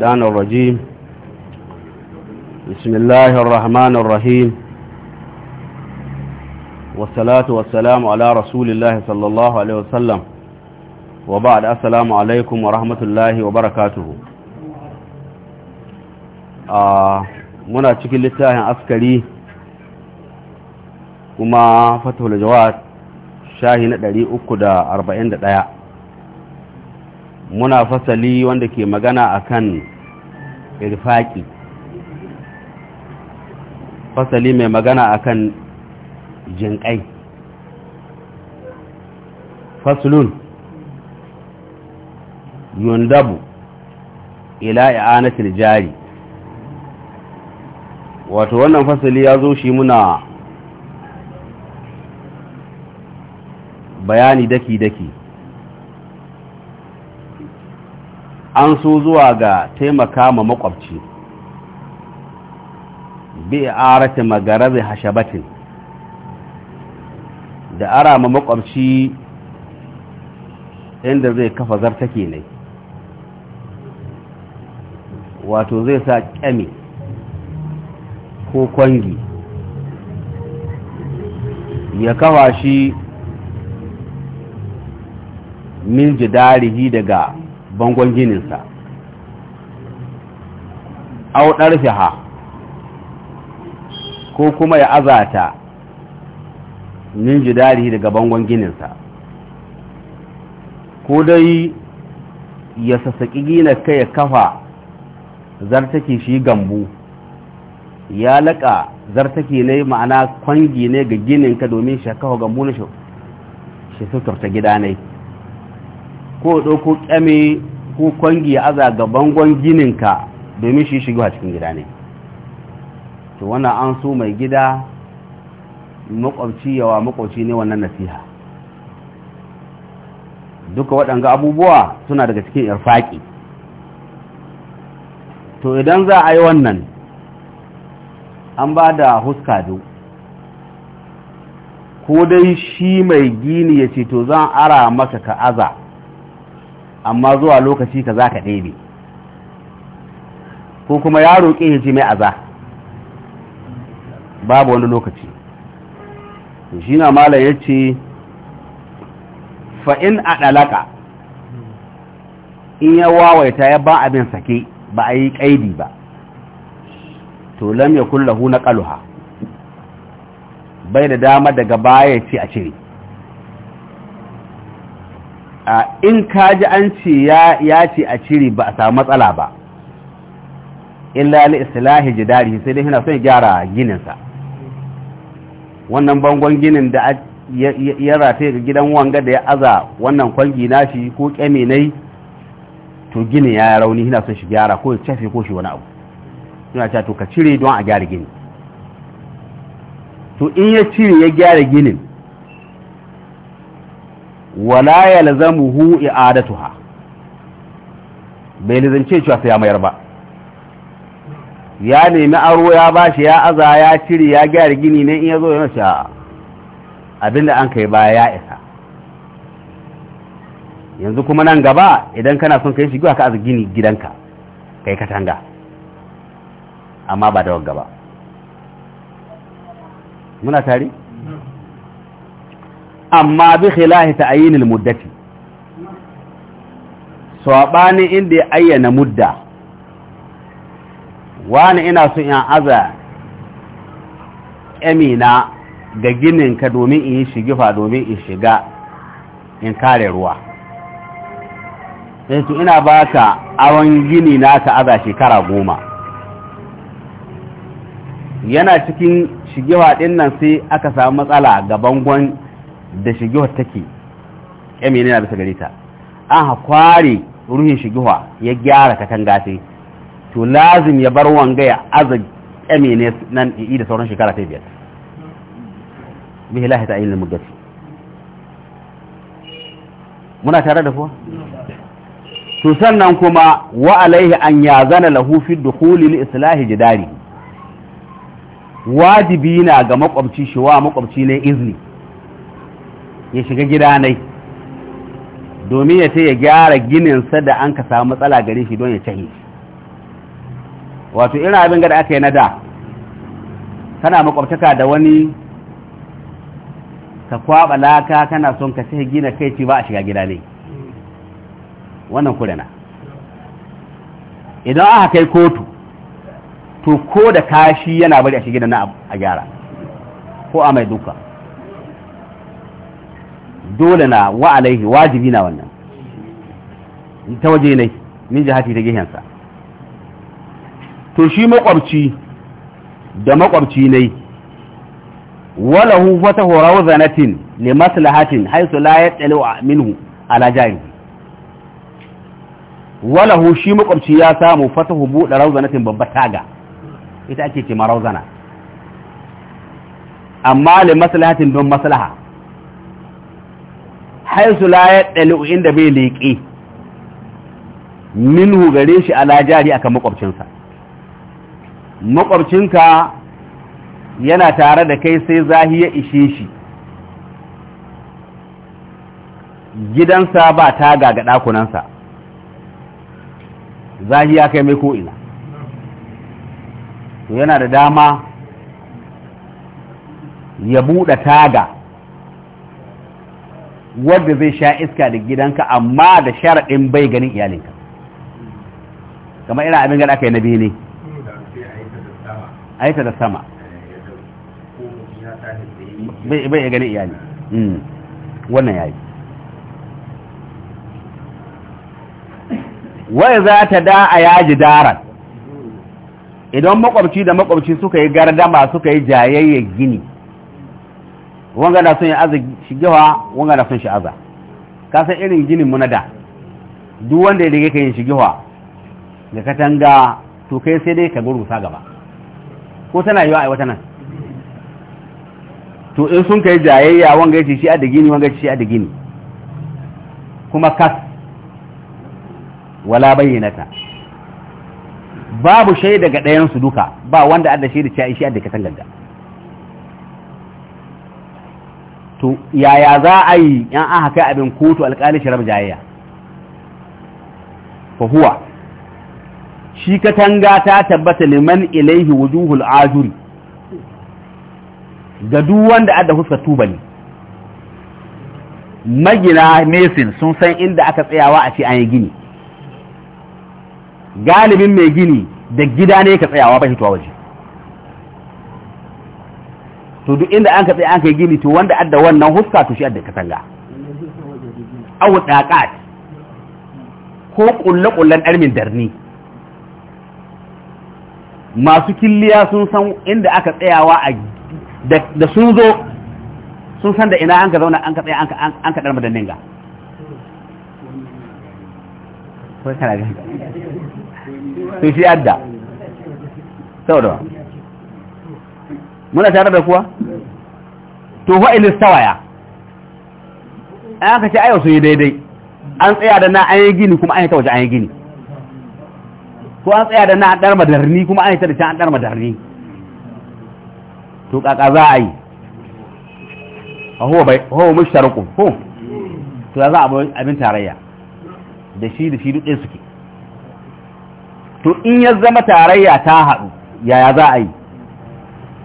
الشيطان الرجيم بسم الله الرحمن الرحيم والصلاة والسلام على رسول الله صلى الله عليه وسلم وبعد السلام عليكم ورحمة الله وبركاته منا cikin littafin askari kuma fatahul jawad shahi na 341 muna fasali wanda ke magana a kan irfaki fasali mai magana a kan jinƙai fasulun yundabu ila i'anatil jari wato wannan fasali ya zo shi muna bayani daki-daki an so zuwa ga taimaka ma makwabci bi arata magarabi hashabatin da ara ma makwabci inda zai kafa zartake ne wato zai sa kyami ko kwangi ya kafa shi min jidarihi daga bangon sa auɗar fiha ko kuma ya azata min jidarihi daga bangon gininsa ko dai ya sassaƙi gina kai ya kafa zartaki shi gambu ya laƙa zartaki ne ma'ana kwangi ne ga gininka domin shi kafa gambu na shi suturta gida ne ko ɗauko ƙyame ko kwangi ya aza ga bangon gininka domin shi a cikin gida ne to wannan an so mai gida makwabci yawa makwabci ne wannan nasiha duka waɗanga abubuwa suna daga cikin irfaƙi to idan za a yi wannan an ba da huska duk ko dai shi mai gini ya ce to zan ara maka ka aza amma zuwa lokaci ka za ka ɗebe ko kuma ya roƙe ya ji mai aza babu wani lokaci shi na mala ya ce fa'in a ɗalaka in ya wawaita ya ba abin sake ba a yi ƙaidi ba to lam ya kullahu na ƙaluha bai da dama daga baya ce a cire in ka ji an ce ya ce a cire ba a samu matsala ba illa li islahi jidari sai dai yana son gyara gininsa wannan bangon ginin da ya rata ga gidan wanga da ya aza wannan kwangi nashi ko kyame nai to ginin ya rauni yana son shi gyara ko ya cafe ko shi wani abu suna cewa to ka cire don a gyara gini to in ya cire ya gyara ginin wala yalzamuhu i'adatuha bai lazance cewa sai ya mayar ba ya nemi aro ya bashi ya aza ya cire ya gyara gini ne in ya zo ya mace abinda an kai baya ya isa yanzu kuma nan gaba idan kana son kai shigo ka gini gidanka kai katanga amma ba da gaba muna tare amma bi khilahi ta'yinil muddati sabani inda ya ayyana mudda wani ina so in aza amina ga ginin ka domin in yi fa domin in shiga in kare ruwa sai eh ina baka awon gini na ka aza shekara goma yana cikin shigewa ɗinnan sai aka samu matsala ga bangon da shigewa take kyame ne na bisa gare ta an kware ruhin shigewa ya gyara katanga sai to lazim ya bar wanga ya aza kyame ne nan yi da sauran shekara ta biyar bihi lahi ta ilmi mugati muna tare da kuwa to sannan kuma wa alaihi an zana lahu fi dukhuli li islahi jidari wajibi na ga makwabci shi wa makwabci ne izini ya shiga gidanai domin ya ce ya gyara gininsa da an ka samu matsala gare shi don ya cahi wato irin abin da aka yi na da kana makwabtaka da wani ka kwaba laka kana son ka cahi gina kai ci ba a shiga gidanai wannan kurina idan aka kai kotu to ko da kashi yana bari a shiga na a gyara ko a mai duka dole na wa alaihi wajibi na wannan ta waje ne min jihati ta gihensa to shi makwabci da makwabci ne wala walahu fatahu rawzanatin li maslahatin haythu la yatalu minhu ala jari hu shi makwabci ya samu hu buɗe rawzanatin babbar taga ita ake ce ma rawzana amma li maslahatin don maslaha haisu la ya inda bai leƙe min gare shi a lajari jari akan makwabcinsa makwabcinka yana tare da kai sai zahi ishe shi gidansa ba taga ga ɗakunansa zahi kai mai ko'ina yana da dama ya buɗe taga wadda zai sha iska da gidanka amma da sharaɗin bai ganin iyalinka kamar ina abin gada aka yi na biyu ne aita da sama bai ganin iyali hmm. wannan yayi wai za ta da a yaji daren idan makwabci da makwabci suka yi gardama suka yi jayayyar gini wanga na son ya aza shigewa wanga na son shi aza ka san irin ginin mu na da duk wanda ya daga ka yin shigewa da katanga to kai sai dai ka gurgusa gaba ko tana yiwa aiwata nan to in sun kai jayayya wanga ya ce shi a da gini wanga ya ce shi a da gini kuma kas wala bayyanata babu shaida ga ɗayansu duka ba wanda adda shaida ce a ishi adda ka tanganga to yaya za a yi yan aha kai abin kotu alkali shirar jayayya fahuwa shi katanga ta tabbata liman ilaihi wujuhul ajuri ga duk wanda adda huska tubali magina mesin sun san inda aka tsayawa a ce an yi gini galibin mai gini da gida ne ka tsayawa ba tuwa waje to duk inda an ka tsaye an kai gini to wanda adda wannan huska to shi adda katanga Awu daqat ko kulle kullen armin darni masu killiya sun san inda aka tsayawa a da sun zo sun san da ina an ka zauna an ka tsaye an ka darma kana ga to shi adda saboda muna tare da kuwa to wa'in tawaya an aka ce ayo sun yi daidai an tsaya da na an yi gini kuma an yi ta waje an yi gini ko an tsaya da na an dar madarni kuma an yi ta da can an dar madarni to kaka za a yi a huwa mushtarukun ko to za a abin tarayya da shi da shi duk ɗaya suke to in ya zama tarayya ta haɗu yaya za a yi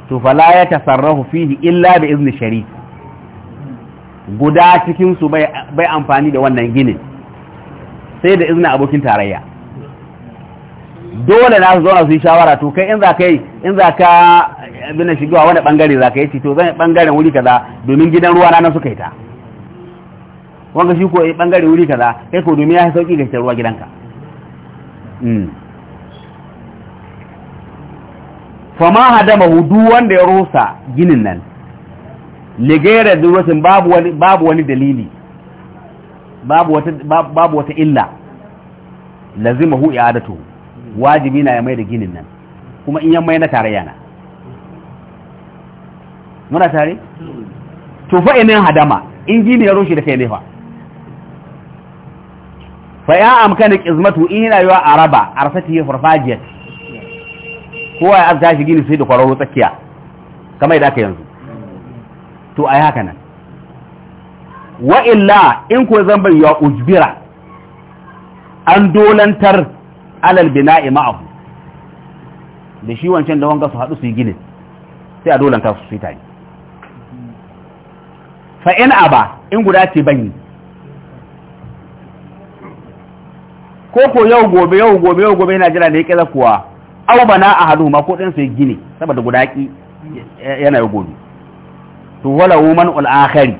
to fala ya tasarrafu fihi illa da izni shari guda cikin su bai amfani da wannan ginin sai da izinin abokin tarayya dole na su zauna su yi shawara to kai in za ka yi in za ka bina shigowa wani bangare za ka yi to zan bangaren wuri kaza domin gidan ruwa na suka yi ta wanga shi ko bangare wuri kaza kai ko domin ya sauki ga ruwa gidanka hmm. fama ma hudu wanda ya rusa ginin nan ligera durusin babu wani babu wani dalili babu wata babu wata illa hu i'adatu wajibi na ya mai da ginin nan kuma in ya mai na tare na muna tare to fa inin hadama in gini ya rushe da kai ne fa fa ya amkanik izmatu in yana yawa araba arsati farfajiyat kowa ya tashi gini sai da kwararru tsakiya kamar yadda aka yanzu to ai haka nan wa illa in ko zan bai ya ujbira an dolantar alal bina'i ma'ahu da shi wancan da wanga su haɗu su yi ginin sai a dolanta su fita tare fa in aba in guda ce ban yi ko ko yau gobe yau gobe yau gobe yana jira da ya ƙi kuwa aw bana a ma ko ɗansu sai gini saboda guda ki yana ya gobe to wala man ul akhari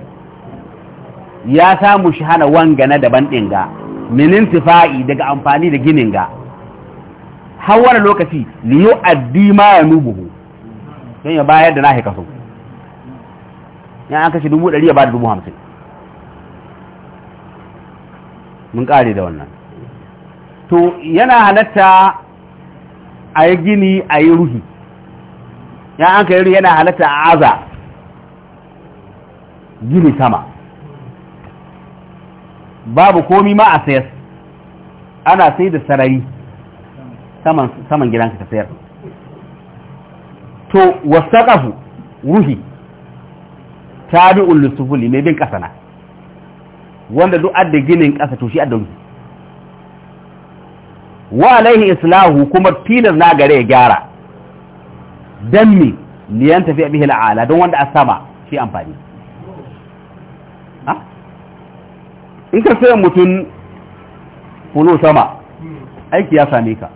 ya samu shi hana wanga na daban din ga min intifa'i daga amfani da ginin ga har wani lokaci addi ma ya nubuhu don ya bayar da nahi kaso ya an kashe dubu ɗari ya bada dubu hamsin mun ƙare da wannan to yana halatta a yi gini a yi ruhi ya an kai yana halatta a aza gini sama babu komi ma a sayar ana sai da sarari saman gidanka ka sayar to wasaƙafu ruhi ta bi lusufuli mai bin ƙasa na wanda duk adda ginin ƙasa to shi adda ruhi wa alaihi islahu kuma tilas na gare ya gyara dan me liyan tafi bihi la'ala don wanda a sama shi amfani in ka sai mutum kunu sama aiki ya same ka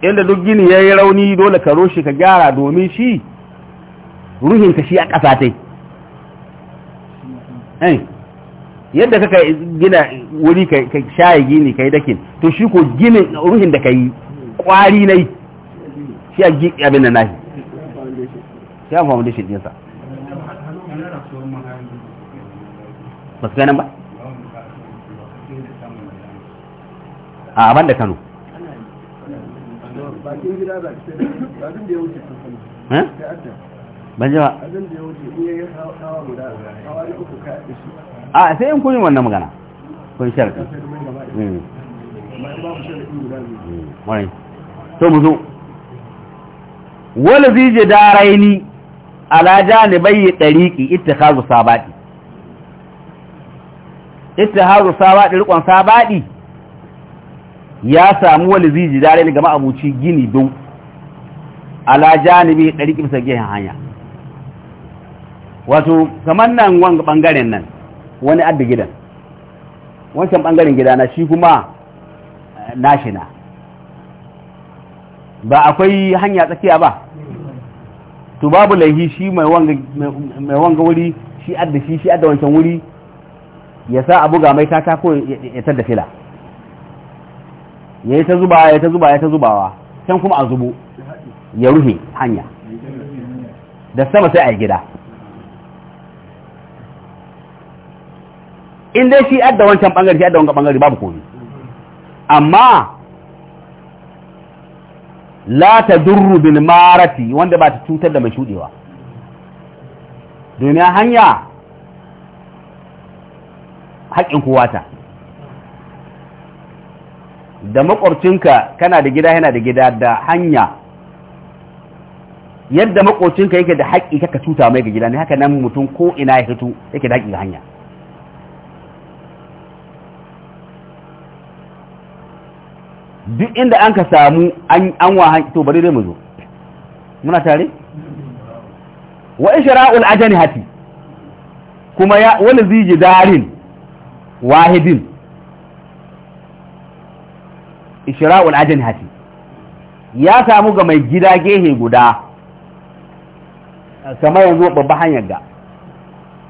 inda duk gini ya yi rauni dole ka roshi ka gyara domin shi ruhinka shi a ƙasa tai eh. yadda kaka gina wuri ka shaye gini ka yi dakin to shi ko gini ruhin da ka yi kwari na yi shi a abin da nahi shi a foundation ɗinsa ba su ganin ba a abin da kano ban ji ba a sai in kun wannan magana kun sharɗi hmm. to mu zo wani zije daraini ɗariƙi ita hazu sabaɗi ita hazu sabaɗi rikon sabaɗi ya samu wani zije daraini gama abuci gini don ne bayi ɗariƙi bisa gehen hanya wato kamar nan wanga ɓangaren nan wani adda gidan wancan bangaren gidana shi kuma eh, nashi na ba akwai hanya tsakiya ba to babu laihi shi mai wanga wuri shi adda shi shi adda wancan wuri ya sa abu ga mai tata ko ya tada fila ya yi ta zuba ya ta zuba ya ta zubawa can kuma a zubo ya ruhe hanya da sama sai a yi gida in dai shi adda wancan bangare shi adda wancan bangare babu komai amma la ta durru bil marati wanda ba ta cutar da mai shudewa Duniya hanya haƙƙin kowa ta da makwabcinka kana da gida yana da gida da hanya yadda makwabcinka yake da haƙƙi kaka cuta mai ga gida ne haka nan mutum ko ina ya fito yake da haƙƙi ga hanya duk inda an ka samu an wahan to bari dai mu zo muna tare wa ishra'ul ajani hati kuma ya wani ziji darin wahidin ishra'ul ajani hati ya samu ga mai gida gehe guda kamar yanzu babba hanyar ga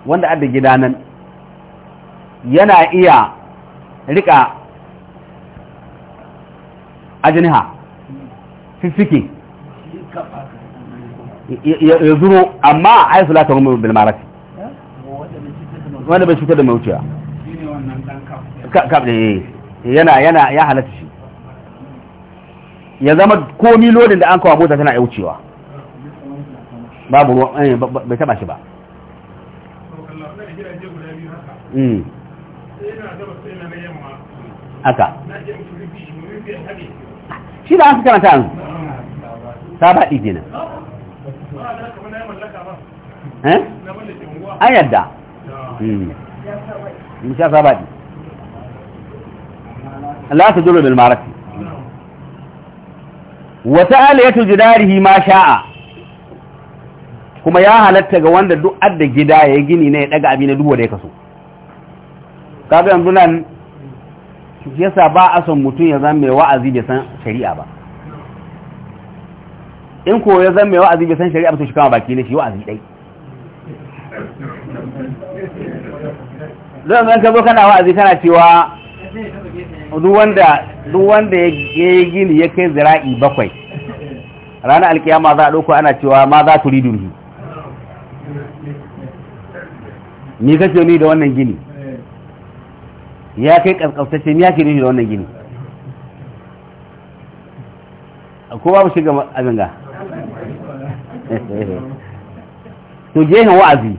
wanda adda gida nan yana iya rika ajniha fiffike ya zuro amma ai salata mu bil ma'ruf wanda bai cutar da mawuciya eh, eh, yana yana ya halatta shi ya zama komi lodin da an kawo mota tana yaucewa babu ruwan eh, bai taba shi ba hmm. haka shi da eh? an fi karanta an ta baɗi gina an yadda sha ta baɗi la ta zuru bil marafi wata aliyatul jidarihi ma sha'a kuma ya halatta ga wanda duk adda gida ya gini ne ya daga abin da duwa da ya kaso kaga yanzu nan yasa ba a son mutum ya zama mai wa'azi bai san shari'a ba in ko ya zama mai wa'azi bai san shari'a ba to shi kama baki ne shi wa'azi dai don zan ka zo kana wa'azi kana cewa duk wanda duk wanda ya gini ya kai zira'i bakwai ranar alkiyama za a ɗauko ana cewa ma za ku ridu ni kake ni da wannan gini ya kai kaskautacce ya ke nufi da wannan gini ko babu shiga shi ga to gehen wa'azi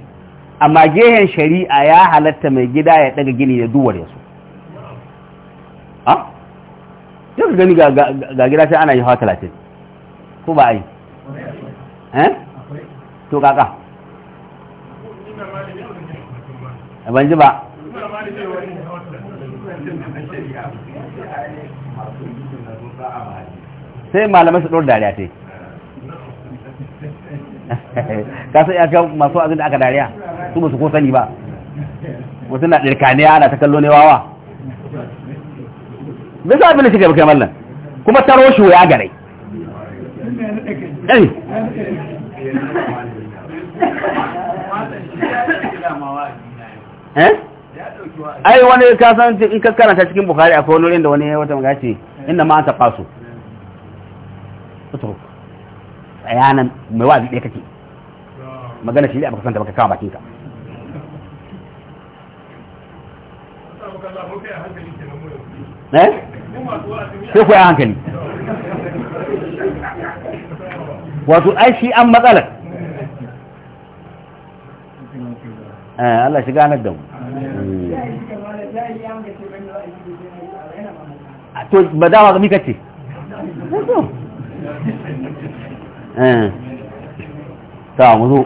amma gehen shari'a ya halatta mai gida ya daga gini da duwar ya so ha yau gani ga gida sai ana yi hawa talatin ko ba a yi eh to kaka ban ji ba sai malamai su ɗor dariya ta yi kasan ya ga masu azin da aka dariya su musu ko sani ba wasu na ɗirkaniya ana ta kallo ne wawa bisa abin da shi gaba mallan kuma taro shi ya gare eh? ai wani kasan in ka karanta cikin bukari akwai wani da wani wata magaci inda ma an taɓa su اترك احيانا موازي ديك تي ما قالش لي ابغى سنتك كام إيه؟ باكينك شوفوا يا انكل واتو اي شيء اما قالك اه الله شقانا الدم تو بدا هذا مي كتي Eh. ta muzo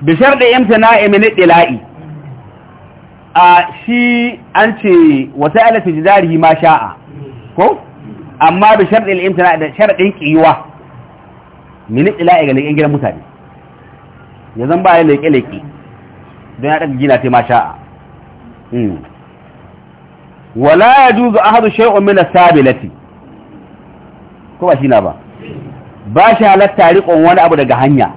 bishar da imtina emini ɗila'i a shi an ce wata alafi jidari ma sha'a ko amma bishar da imtina da sharaɗin ƙiwa mini ɗila'i ga laƙin gidan mutane ya zan ba ya laƙe-laƙe don ya ɗaga gina ta ma sha'a hmm. wala ya juzu ahadu shay'un mina as-sabilati ko ba shi na ba ba shi halatta riƙon wani abu daga hanya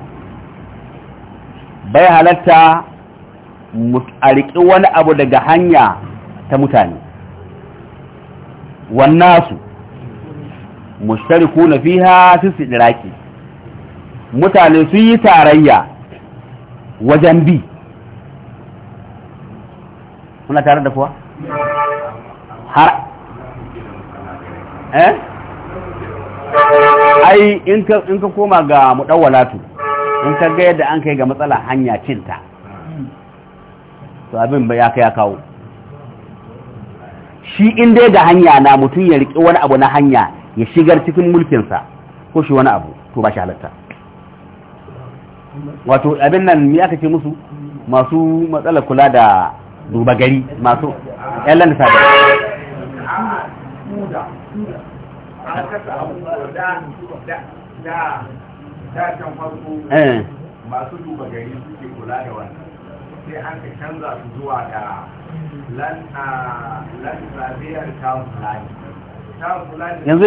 bai halatta a riƙi wani abu daga hanya ta mutane wannasu ko na fiha su sidiraki mutane sun yi tarayya wajen bi kuna tare da kuwa? har eh? ai in ka koma ga mudawalatu in ka ga yadda an kai ga matsala hanya cinta to abin ba ya kai ya kawo shi in dai ga hanya na mutum ya riƙe wani abu na hanya ya shigar cikin mulkinsa ko shi wani abu to ba shi halatta wato abin nan me aka ce musu masu matsalar kula da duba gari masu ƴan landasa yanzu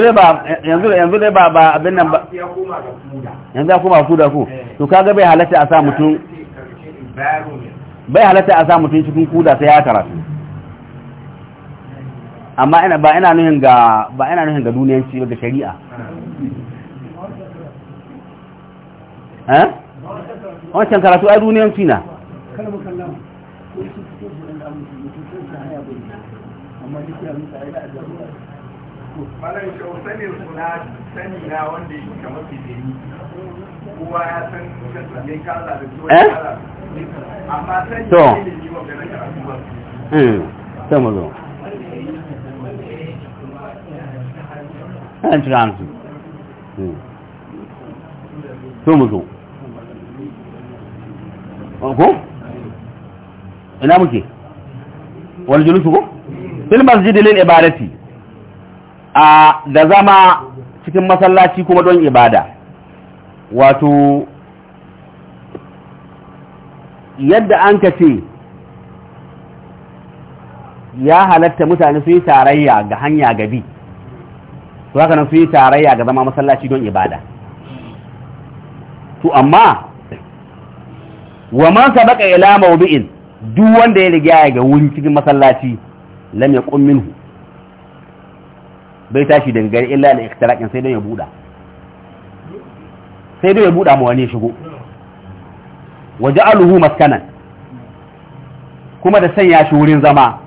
dai ba yanzu abin nan ba yanzu ya koma kuda ku eh. to kaga bai halatta a sa mutum a sa mutum cikin kuda sai ya karatu amma ba ina nuhin ga ba ina nuhin ga duniyanci ba ga shari'a eh wancan karatu a duniyanci na malam shau sanin suna sani na wanda ya kama fitini kowa ya san mai kala da zuwa eh? kala amma sani ne ne wa ganin karatu ba eh hmm. su an cira hansu to ko ina muke wani julusu ko fil masjidi lil ibadati a da zama cikin masallaci kuma don ibada wato yadda anka ce ya halatta mutane su yi tarayya ga hanya gabi Su haka nan su yi tarayya ga zama masallaci don ibada to amma wa man sabaka ila mawdi'in duk wanda ya riga ga wuri cikin masallaci lam yaqum minhu bai tashi daga gari illa da iktiraqin sai dai ya buda sai dai ya buda mu wani shigo waja'aluhu maskanan kuma da sanya shi wurin zama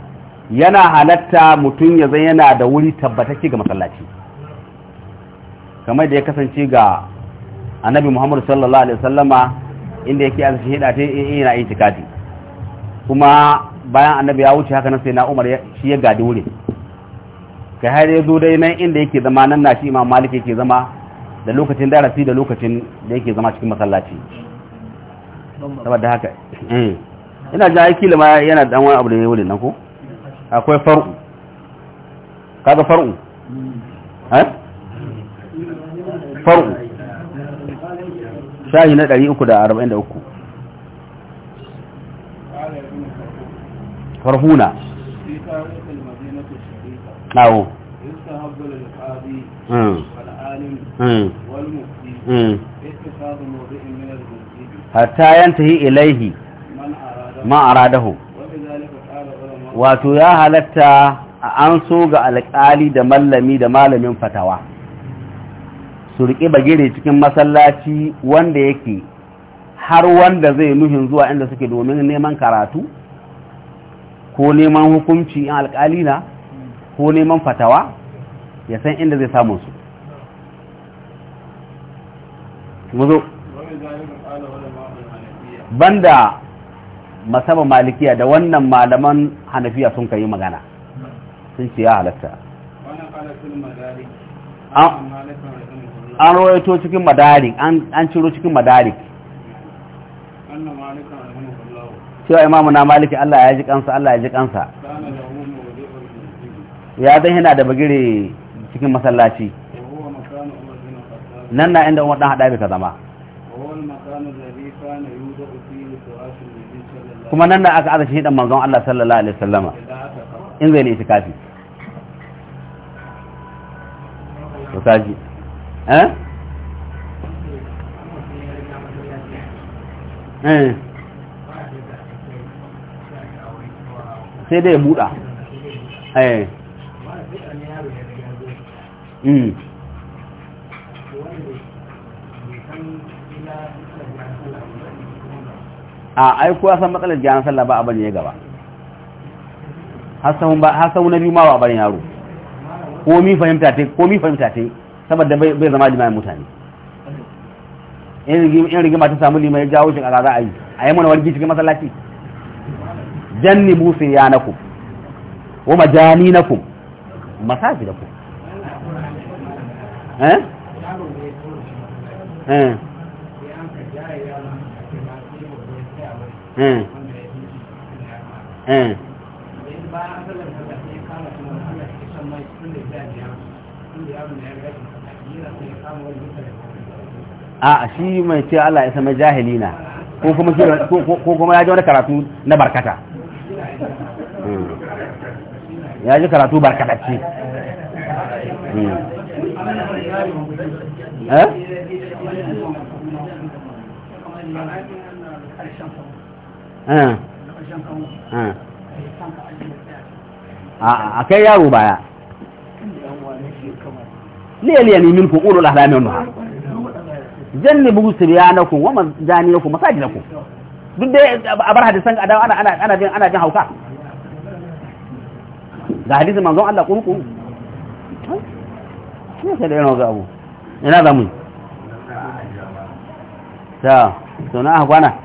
yana halatta mutum ya zai yana da wuri tabbatacce ga masallaci kamar da ya kasance ga annabi muhammadu sallallahu alaihi wasallama inda yake an shahida hidata yana yi tikati kuma bayan annabi ya wuce haka na sai na umar shi ya gadi wuri kai har ya zo dai nan inda yake zama nan na shi imam malik yake zama da lokacin darasi da lokacin da yake zama cikin masallaci saboda haka eh. ina ji aiki ma yana dan wani abu da ya wurin nan ko akwai far'u kaga far'u eh farko shahi na 343 farhuna awo hmm. hmm. hmm. hatta yi ilaihi ma radahu wato ya halatta an so ga alƙali da mallami da malamin fatawa su riƙe bagire cikin masallaci wanda yake har wanda zai nuhin zuwa inda suke domin neman karatu ko neman hukunci in alƙalina ko neman fatawa ya san inda zai samun su muzo banda masaba malikiya da wannan malaman hanafiya sun kayi magana sun ce ya halatta an rawaito cikin madarik an ciro cikin madarik cewa imamu na maliki Allah ya ji kansa Allah ya ji kansa ya zai yana da bagire cikin masallaci nan na inda umar haɗa hada bai ka zama kuma nan na aka aza shi manzon Allah sallallahu alaihi wasallama in zai ne shi kafi Eh? Eh. sai dai buɗa eh. hmm. a aiko ya san matsalar jihar sallah ba a bane ya gaba har sahun na biyu ma ba a bane yaro komi fahimta te komi fahimta te saboda bai zama limamin mutane in rigima ta samu ya jawo shi a za a yi a yi mana wargi cikin masallaci janni busi ya na ku wa majani na ku masafi da ku eh eh eh eh a shi mai ce Allah ya sami jahili na ko kuma ya ji wani karatu na barkata hmm. ya ji karatu barkatacce hmm. Eh? Hmm. a kai yaro baya ليليني منكم أولو الأحلام والنهار جنبوا سريانكم ومزانيكم مساجدكم duk dai a hadisan adawa ana ana ana jin ana jin hauka ga hadisin manzon Allah kurku ne sai da yana ga abu ina zamu ta to na